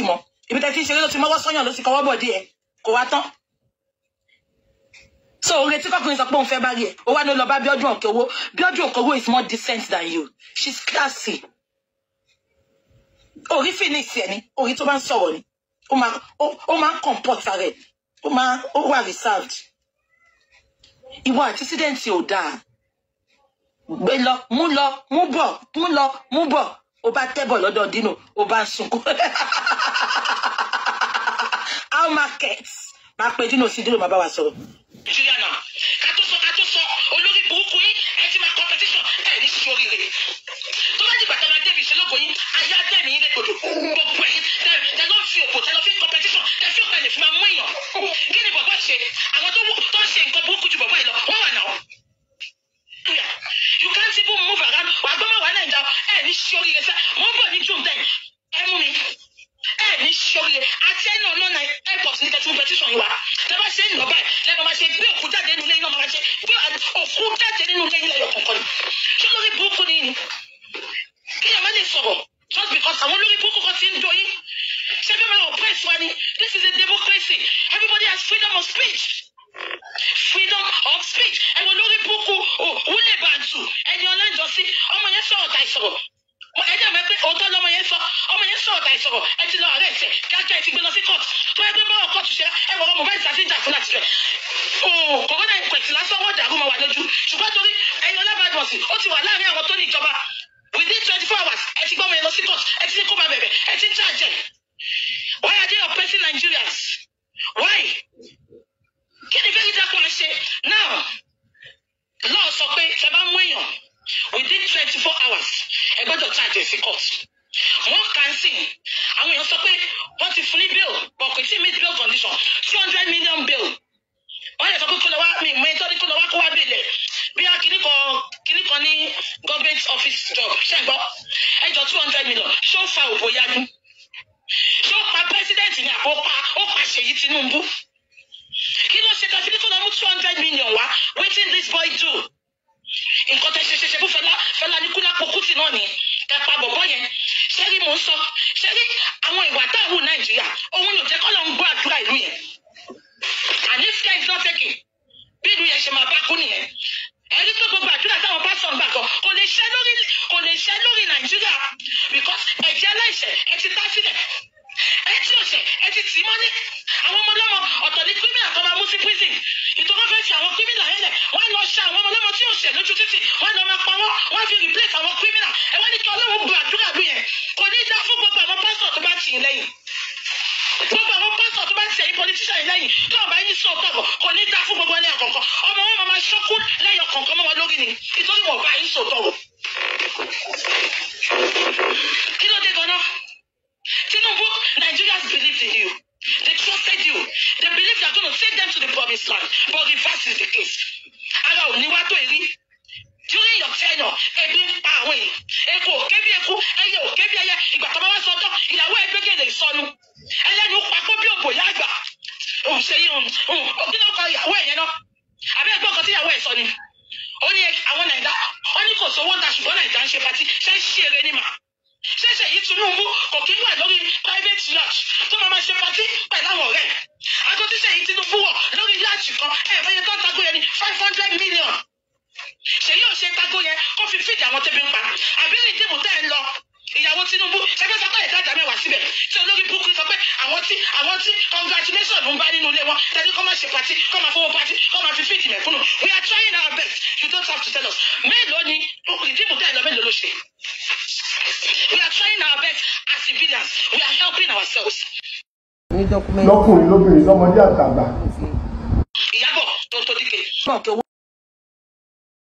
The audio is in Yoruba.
ti mọ̀ ibi tẹ́ ti ń ṣeré ló ti mọ́wọ́ sọ́yàn ló ti kọwọ́ bọ̀ díẹ̀ kò wá tán so òun retí kọkùnrin sọ pé òun fẹ́ bá rí ẹ ó wá ní lọ bá Bíọ́dún Òkòwò Bíọ́dún Òkòwò is more decent than you she's classy orí phoenix ẹ ni orí tó bá ń sọ̀rọ̀ ni ó máa ó máa comport ara ẹ ó máa ó wà reserved ìwọ àti sídẹ̀ǹtì ò dáa gbé lọ mú lọ mú bọ̀ mú lọ mú bọ̀ ó bá tẹ́bọ̀ lọ́dọ̀ dínú ó bá market máa pe Dino sí Dino máa bá wa sọ̀rọ̀. nàìjíríà náà ká tó sọ ká tó sọ olórí burúkú yín ti máa competition ẹ ní sori rẹ tó bá dìgbà tẹ́lá débi ìṣẹ́lógún yín ayé àtẹ̀mí yín lè gbòdò gbogbo ẹ̀yìn tẹ lọ́ fi òkò tẹ lọ́ fi competition tẹ fi òkò ẹ̀lẹ́fì máa mú èèyàn kí ni bàbá ṣe àwọn tó ń ṣe nǹkan burúkú ju bàbá yìí lọ wọ́n wà náà you can't even move around wàá gbọ́mọ̀ wà náà ìjà ẹ̀ ní sori rẹ sẹ́ mọ́ bọ̀ ní june ten ẹ mú mi ní sọ́mi yẹn àti ẹ̀nà airport ní kẹtùmù petition yìí wa lẹ́bà ṣe ń lọ́bà lẹ́bà máa ṣe gbé òkú jáde nínú ilé náà máa ṣe gbé òkú jáde nínú ilé yìí lẹ́yọ̀ ni ṣé lórí burúkú ni ni kí ẹ̀ má lè sọ̀rọ̀ just because àwọn olórí burúkú kan ti ń doyín ṣé bí wọn oppress wa ni this is a democracy everybody has freedom of speech freedom of speech ẹ̀wọ̀n lórí burúkú wúlé bàǹtù ẹni ọlọ́njọ́sí ọmọ yẹn sọ̀rọ̀ ta ìsọ̀rọ̀ ẹjọ́ mi pé òótọ́ lọmọ yẹn sọ ọmọ yẹn sọ̀rọ̀ ta ìsọ̀rọ̀ kíákíá ẹ ti gbé lọ sí court tó ẹgbẹ́ báwọn court ṣe ẹ wọ ọmọ bẹ́ẹ̀ sàtìjà fún àti rẹ̀ o kọ̀ọ̀kan náà pẹ̀tì lásán wọ́n dàrú wà lójú ṣùgbọ́n torí ẹ̀yin ọlábàdàn ó ti wà láàrin àwọn tó ní ìjọba within twenty four hours ẹ ti gbọ́ ọmọ yẹn lọ sí court ẹ ti ní kó máa bẹ̀bẹ̀ ẹ ti ń charge why are they oppressing Nigerians why kí ni fẹ́ẹ́ dá kan ṣe now lọ́ọ̀ sọ pé ṣe bá mú èèyàn within twenty four hours ẹ gbọ́dọ̀ charge ẹ sí court wọ́n kàn sí àwọn èèyàn sọ pé wọ́n ti fún ní bail but kò tí ì meet bail condition two hundred million bail wọ́n lè sọ pé kó lọ wá mi mọ ẹjọ́ kó lọ wá kó wá bèlẹ̀ bí a kìíní kan kìíní kan ní government office job ṣẹ́gbọ́ ẹjọ́ two hundred million ṣó fa òbò yanu ṣó pa president ní àpò pa ó pa Ṣèyí Tinubu kí ló ṣe kàfíní kó lọ mú two hundred million wá wetin this boy do nǹkan tẹ ṣe ṣe ṣe fún Fẹlá Fẹlá ní kúlápó kùtì náà ni ẹ pa bọ̀bọ̀ yẹn ṣẹ́rí mò ń sọ ṣẹ́rí àwọn ìwà táwọn nàìjíríà òun ló jẹ́ kọ́ ló ń gbọ́ àdúrà ìlú yẹn and if care is not taking. bí ìlú yẹn ṣe máa bá kú nìyẹn ẹni tó gbogbo àdúrà táwọn pásítọ̀ ń gbà kan kò lè ṣẹ́ lórí kò lè ṣẹ́ lórí nàìjíríà because ẹ̀jẹ̀ aláìṣẹ̀ ẹ ti tá sílẹ̀ ẹ ti ọ̀ṣẹ̀ ẹ ti tì í mọ́lẹ̀ àwọn ọmọ ọlọ́mọ ọ̀tọ̀ ní kírímìnà kan máa mú sí prison ìtọ́kọ́ fẹ́ fi àwọn kírímìnà yẹn lẹ̀ wọ́n lọ ṣe àwọn ọmọ ọlọ́mọ tí ọ̀ṣẹ̀ lójú títì wọ́n lọ máa pa wọ́n wọ́n fi replace àwọn kírímìnà. gbogbo àwọn pásítọ̀ tó bá ń sẹ́yìn politician yìí lẹ́yìn tó ọba yìí sọ tọ̀gbọ̀ kò ní dá fún gbogbo ẹni ọ̀kọ̀ọ̀kan ọmọ wọn máa ṣọ́kú lẹ́yìn ọ̀kọ̀ọ̀kan mọ́ wọn lórí ni nítorí wọn ọba yìí sọ tọ̀gbọ̀. kí ló dé gan Tinubu Nigerians believed in you they trusted you they believe you gonna take them to the promised land but reverse is the case ara ò ní wá tó èrí during your tenure ebi ń pa àwọn èèyàn epo ò kébi eku ẹyẹ ò kébi ẹyẹ ìgbà tó bá wá sọdọ ìyàwó ẹgbẹgẹdẹ ìsọnù kí ló kọ ìyàwó ẹ̀ yẹn náà àbí ẹgbẹ́ ọkọ tí ìyàwó ẹ̀ sọ ni ó ní àwọn nàìjà ó ní kò sówó ta ṣùgbọ́n nàìjà ń ṣe patí ṣe ń ṣe eré ni mà ṣẹ̀ṣẹ̀ yìí Tinubu kò kí wà lórí private yacht tó máa máa ṣe patí pẹ̀lú àwọn ọ̀rẹ́ àgọ́ tíṣẹ̀ yìí Tinubu wọ̀ lórí yacht kan ẹ̀ bẹ́yẹ tó ń tagbó yẹn ní five hundred million ṣèyí ò ṣe tagbó yẹn kó fi fídì àwọn tẹ́bí ń pa àbí rìndìmù tẹ́ ẹ lọ ìyàwó Tinubu ṣẹgbẹ́ sọ́kọ́ ẹ̀dá àjà mẹ́wàá síbẹ̀ tí olórí bú àwọn tí àwọn tí congratulation ló ń bá nínú ilé wọn tàbí kọ́ máa ṣe pati kọ́ máa fowó pati kọ́ máa fi fíìdì mẹ̀kúnnù we are trying our best you don't have to tell us mélòó ni ìdìbò tẹ́ ẹ lọ mélòó ló ṣe we are trying our best as civilians we are helping ourselves. lọ́kùnrin lóbìnrin lọ́mọdé àtàgbà. ìyàbọ̀ tó tó dìde.